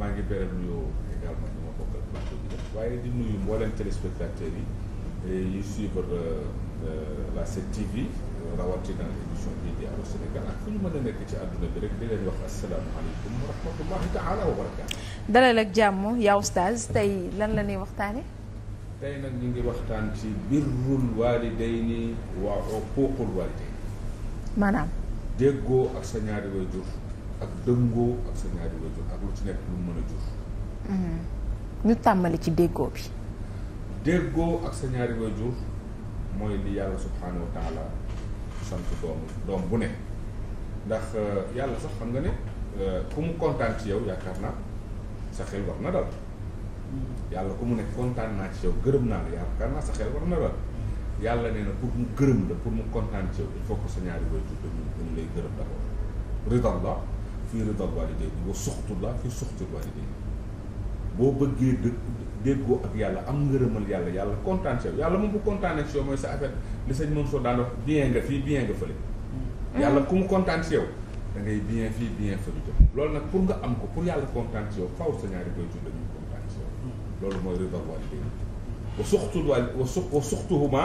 maa ngi beral nuyoo également ñu ma bokkal plateau bi waaye di nuyu mbooleem téléspectateurs yi eh, yu suivre euh, la 7TV rawatina émission bii di Allô Sénégal ak fu ñu mën a nekk ci àdduna bi rek di leen wax asalaamaaleykum wa rahmatullahi taala wa barakaatu. dalal ak jàmm yaa oustaz tey lan la ñuy waxtaane tey nag ñu ngi waxtaan ci birrul waalidayni wa uquuqul waalidayni maanaam. déggoo ak sa ñaari waajur ak dëngoo ak sa ñaari wajur ak lu ci nekk lu mën a jur mm-hmm. ñu tàmbali ci déggoo bi déggoo ak sa ñaari wajur mooy li yàlla subhaanahu wa taala sant doom doom bu ne ndax euh, yàlla sax xam nga ne euh, ku mu kontaan ci yow yaakaar naa sa xel war na dal mm-hmm. yàlla ku mu ne kontaan naa ci yow gërëm naa la yaakaar yàlla nee na pour mu gërëm la pour mu kontaan ci yow il sa ñaari wajur dañu dañu lay gërëm d'abord ridallah fii rida waalidayni wa suxtullah fii suxtil waalidayni boo bëggee dë ak yàlla am ngërëmal yàlla yàlla kontaan ci yàlla moom bu kontaanee ci yow mooy sa affaire li sëñ Mansour daan wax bien nga fii bien nga fële mm. yàlla mm. ku mu kontaan ci yow da bien fii bien fële jëm loolu nag pour nga am ko pour yàlla kontaan ci yow faw sa ñaari koy jur dañuy kontaan ci mm. loolu mooy rida waalidayni wa suxtul waali wa su wa suxtuhuma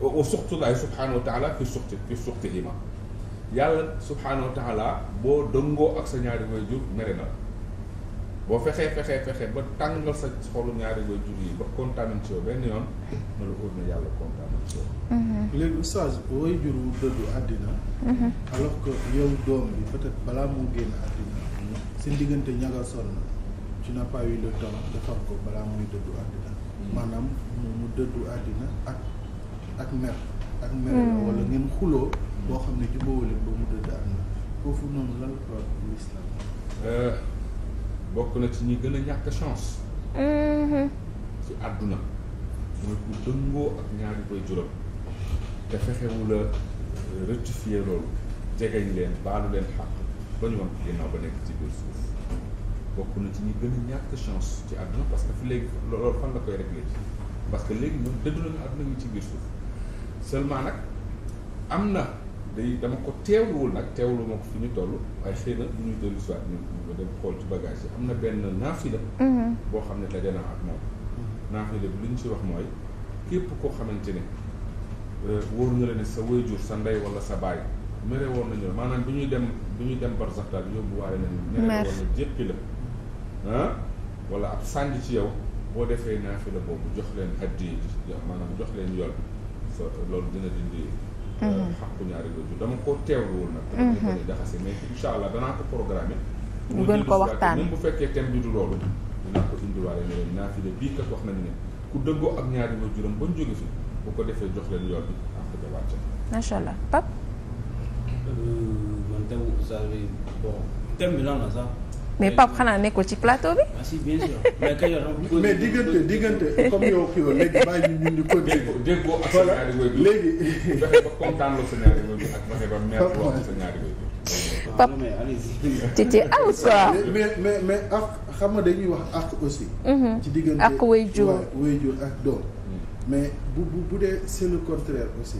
wa suxtullahi subhanahu fi yàlla subhaanahu wa taala boo dëngoo ak sa ñaari way jur mere na boo fexee fexee fexe ba tàngal sa xolu ñaari way jur yi ba kontaan ci benn yoon na lu óor na yàlla kontaan ci yow mm-hmm. léegi oustaz way jur wu dëddu àddina mm-hmm. alors que yow doom bi peut balaa mu génn àddina seen diggante ñaga sonn tu n'as pas eu le temps defar ko balaa muy dëddu àddina mm-hmm. maanaam mu dëddu àddina ak ak mer ak mere wala ngeen xuloo boo xam ne jubóowale ba mu dëdd am na foofu noonu lan la l'islam euh, gën a chance mm-hmm. ci àdduna mooy ku ak ñaari koy juróom te fexewula euh, rectifier loolu jegeñ leen leen xàq ba ñu wan ko ginnaaw ba nekk ci biir suuf bokk na ci ñi gën a ñàkk chance ci àdduna parce que fi léegi loolu fan la koy réglé parce que léegi ñoom dëddu nañu àdduna ñu ci biir suuf seulement nag am na day dama ko teewluwul nag teewlu ma ko fi ñu toll waaye xëy na bu ñu dellu soit ñu ñu dem am na benn naafila mhm. boo xam ne daje naa ak moom mhm. naafila bi li ñu ci wax mooy képp koo xamante ne euh, wóor nga la ne sa waajur sa ndey wala sa baay mere woon nañu la maanaam bi ñuy dem bi ñuy dem barsax daal yóbbu waaye nañu mere wala jéppi la ah wala ab sànj ci yow boo defee naafila boobu jox leen addiya ji maanaam jox leen yool loolu dina dindi. Euh, mhm. xàqu ñaari waajur dama ko teewluwul nag. Mhm. dama ko mën a jaxase mais incha allah danaa ko programmé. ñu gën ko waxtaan bu fekkee thème bi du loolu. dinaa ko indiwaale ne leen naa fi de bii kat wax nañu ne ku dëggoo ak ñaari waajuram ba ñu jóge fi bu ko defee jox leen yoon bi àq ja wàcc. macha allah Pape. Euh, mais Pape xanaa nekkul ci plateau bi. Ah, mais diggante diggante comme yow kii ñu ñu ko dégg. dégg léegi. fexe ba kontaan loo sa aw quoi. mais mais mais ak xam nga dañuy wax ak aussi. Mm-hmm. ci diggante ak wéyjur wéyjur ak doom. Mm. mais bu bu bu dee c'est le contraire aussi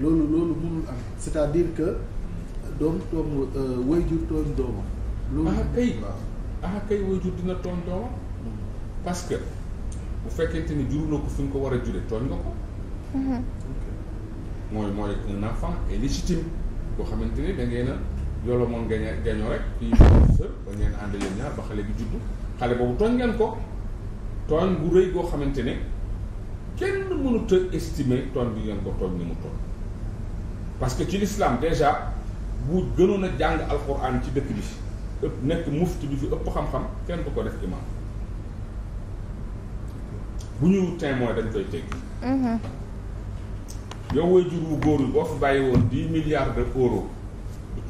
loolu loolu mënul am c'est-à-dire que doom tooñ euh, wéyjur tooñ doomam. loolu ah kay ah kay waajur dina tooñ doomam hmm. parce que bu fekkente ni juruloo ko fi nga ko war a jure tooñ nga ko hmm. mooy mooy un enfant est légitime xamante ni dangeen ngeen a yoolo moom gaña gañoo rek kii ba ngeen ànd yéen ñaar ba xale bi juddu xale boobu tooñ ngeen ko tooñ bu rëy goo xamante ne kenn mënut a estimer tooñ bi ngeen ko tooñ ni mu tooñ parce que ci l'islam déjà bu gënoon a jàng alxuraan ci dëkk bi ëpp nekk mufti bi fi ëpp xam-xam kenn du ko def imam bu ñu témoin dañ koy teggi mm-hmm. yow way jur wu góor yi boo fi bàyyi woon di milliards de euros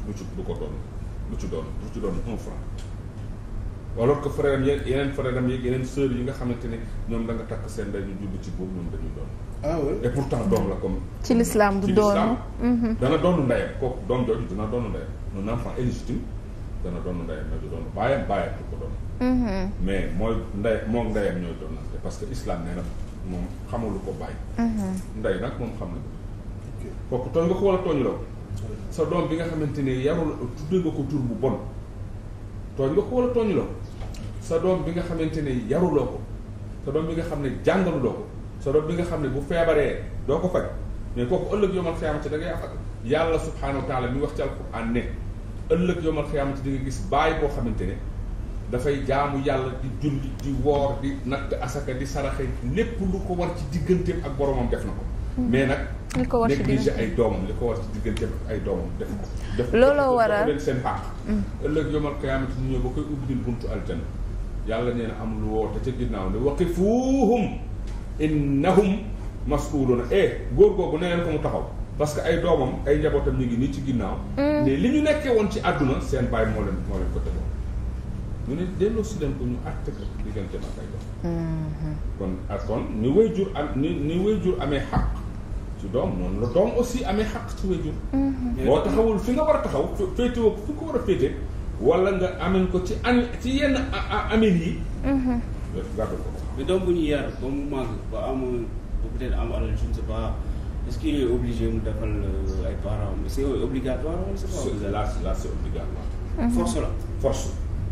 du ci du ko doon du ci doon du ci doon un franc alors que frère am yeneen frère am yeneen sœur yi nga xamante ne ñoom da nga takk seen dañu judd ci boobu ñoom dañu doon ah oui et doom la comme. ci l'islam du doon ci l'islam mm-hmm. dana doonu ndeyam kooku doom jooju dina doonu ndeyam un enfant illégitime dana doon ndeyam na du doon baayam baayam du ko doon mm-hmm. mais mooy ndey moom ndeyam ñooy doonante parce que islam nee na moom xamulu ko bàyyi mm-hmm. ndey nag moom xam na kooku tooñ nga ko wala sa doom bi nga xamante ne yarul tudde ko tur bu bon tooñ nga ko wala tooñuloo ko sa doom bi nga xamante ne yaruloo ko sa doom bi nga xam ne jàngaluloo ko sa doom bi nga xam ne bu feebaree doo ko faj mais kooku ëllëg yomal xiyaamati da ngay am ak yàlla subhaanahu wa taala mi wax ci alquran ne ëllëg yomal xiyaamati di gis bàyyi koo xamante ne dafay jaamu yàlla di julli di woor di natt asaka di saraxe lépp lu ko war ci digganteem ak boromam def na ko hmm. mais nag li ko war ci ay doomam li ko war ci digganteem ay doomam def ko hmm. def seen xaq hmm. ëllëg yomal xiyaamati ñu ñëw ba koy ubbil buntu aljana yàlla nee na am lu woote ca ginnaaw ne waqifuuhum innahum mas'uluuna eh góor googu ne leen ko mu taxaw parce que ay doomam ay njabootam ñu ngi nii ci ginnaaw. ne mm. li ñu nekkee woon ci àdduna seen baay moo leen moo leen ko tegoon. ñu ne delloo si ko ñu àtte ko diggante ak ay doom. Mm-hmm. kon ak kon ni way jur amee xaq ci doom noonu la doom aussi amee xaq ci way jur. Mm-hmm. boo taxawul fi nga war a taxaw féete woo fi ko war a féete wala nga amen ko ci an ci yenn amin yi. def mm-hmm. gàddu ko. mais doom bu ñu yar ba mu màgg ba am peut am alal je ne sais est-ce qu'il mu defal euh, ay parents c'est obligatoire wala c'est pas. là là c'est obligatoire. Mhm. force la force.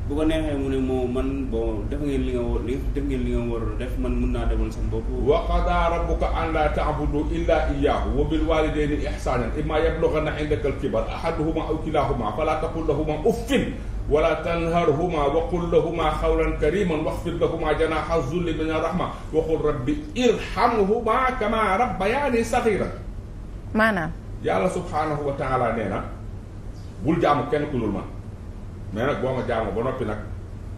bu ko neexee mu ne moo man bon def ngeen li nga war def def man mun naa demal sama bopp. wa qadaa rabbuka an laa ta'budu illaa wa bil waalidayni ihsaanan immaa yablughanna indaka al-kibara ahaduhumaa aw kilaahumaa falaa taqul lahumaa uffin wala tanharhuma wa qul lahuma xawlan kariman waxfid lahuma janaha zulli min arrahma wa qul rabbi irhamhuma kama rabbayaani saxiran maanaam yàlla subhaanahu wa taala nee na bul jaamu kenn ku dul man nag boo ma jaamu ba noppi nag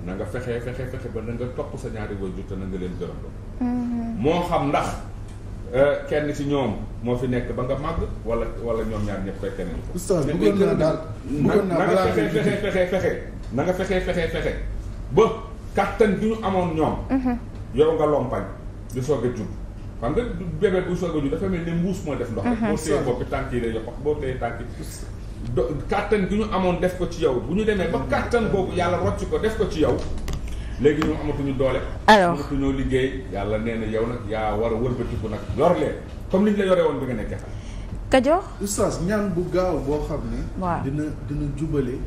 na nga fexe fexe ba na nga topp sa ñaari waajur te na nga leen gërëm mm-hmm. moo xam ndax Euh, kenn ci ñoom moo fi nekk ba nga màgg wala wala ñoom ñaar ñëpp koy keneen. oustaz bëggoon naa daal bëggoon naa balaa nga fexe fexe fexe na nga fexe fexe fexe ba kattan bi ñu amoon ñoom. Mm-hmm. yow nga lompañ di soog a jug. xam nga bébé bu soog a jug dafa mel ni mbuus moo def ndox rek. Mm-hmm. boo téye bopp bi tànk yi lay yokk boo téye tànk yi. do kattan bi ñu amoon def ko ci yow bu ñu demee ba kattan boobu yàlla rocc ko def ko ci yow. léegi ñoom amatuñu doole. alors amatuñoo liggéey yàlla nee na yow nag yaa war a wëlbatiku nag yor leen comme ni ñu la yore woon bi nga nekkee xam. Kajoor. oustaz ñaan bu gaaw boo xam ne. waaw dina dina jubale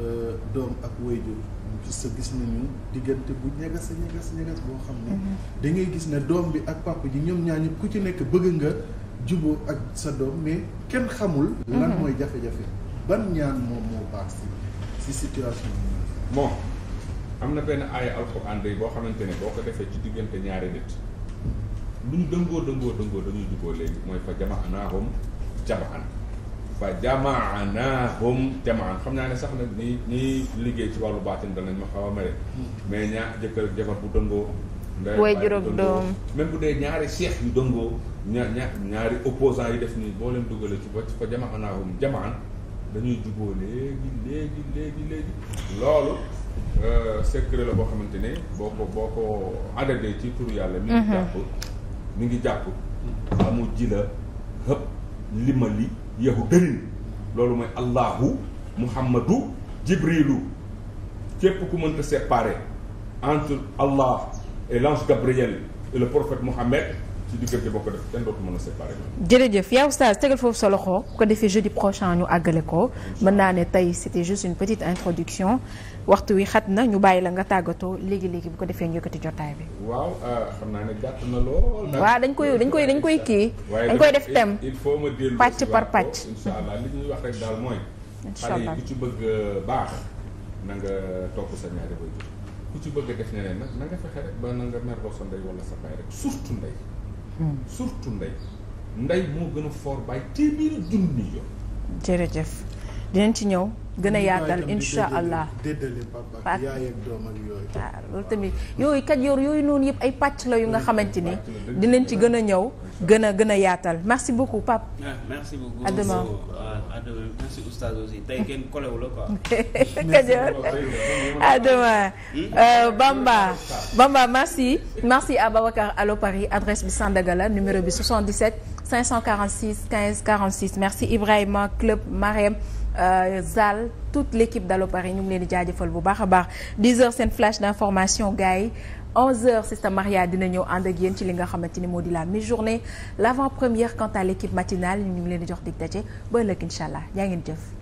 euh, doom ak waajur sa gis nañu diggante bu ñagas a ñagas boo xam ne. Mhm. da ngay gis ne doom bi ak papa ji ñoom ñaar ñëpp ku ci nekk bëgg nga juboo ak sa doom mais kenn xamul. Mhm. lan mooy jafe-jafe ban ñaan moom moo baax si si situation bi. am na benn aaya alxuraan day boo xamante ni boo ko defee ci diggante ñaari nit lu ñu dëngoo dëngoo dëngoo dañuy juboo léegi mooy fa jamaanaahum jamaan fa jamaanaahum jamaan xam naa ne sax nag ñi ñiy liggéey ci wàllu baatin danañ ma xaw a mere mais ñaar jëkkër jabar bu dëngoo way juróom doom même bu dee ñaari seex yu dëngoo ñaar ñaari opposant yi def nii boo leen dugalee ci ba fa jamaanaahum jamaan dañuy juboo léegi léegi léegi léegi loolu euh, secret la boo xamante ne boo ko boo ko adadee ci turu yàlla mi ngi mhm. jàpp mi ngi jàpp amu ji la hëpp limali yahu dërin loolu mooy allahu muhammadu jibrilu képp ku mënta séparer entre allah et l'ange Gabriel et le prophète Mohammed ci diggante boo ko def jërëjëf yow Oustaz tegal foofu sa loxo ko defee jeudi prochain ñu àggale ko mën naa ne tey c'était juste une petite introduction waxtu wi xat na ñu bàyyi la nga tàggatoo léegi léegi bu ko defee ñu yëkkati jotaay bi. waaw ah, xam naa ne gàtt na lool. waaw dañ koy dañ koy dañ koy kii. dañ koy def thème il faut ma dellu pàcc par pàcc. incha allah li ñuy wax rek ci bëgg euh, baax na nga euh, topp sa ñaari waajur ku ci def ñeneen na nga fexe rek ba na nga Mm. surtout ndey ndey moo gën a fort bàyyi téeméeri junni yoon jërëjëf dinañ ci ñëw gën a yaatal incha allah waaw ah, loolu tamit yooyu kat yooyu noonu yëpp ay pàcc la yu nga xamante ni dinañ ci gën a ñëw gën a gën a yaatal merci beaucoup Pape. Ah, merci beaucoup ah, à demain merci oustaz aussi tey kenn kolewu la Kajoor à euh, Bamba Bamba merci merci à Babacar Allo Paris adresse bi Sandagala numéro bi 77 546 15 46 merci Ibrahima club Marème. Euh, Zal toute l'équipe d'Allo Paris ñu ngi leen di jaajëfal bu baax a baax 10h seen flash d'information gars yi 11h Maria dina ñëw ànd ak yéen ci li nga xamante ni moo di la mi-journée l'avant-première quant à l'équipe matinale ñu ngi leen di jox dig daje ba ëllëg incha allah yaa ngeen jëf.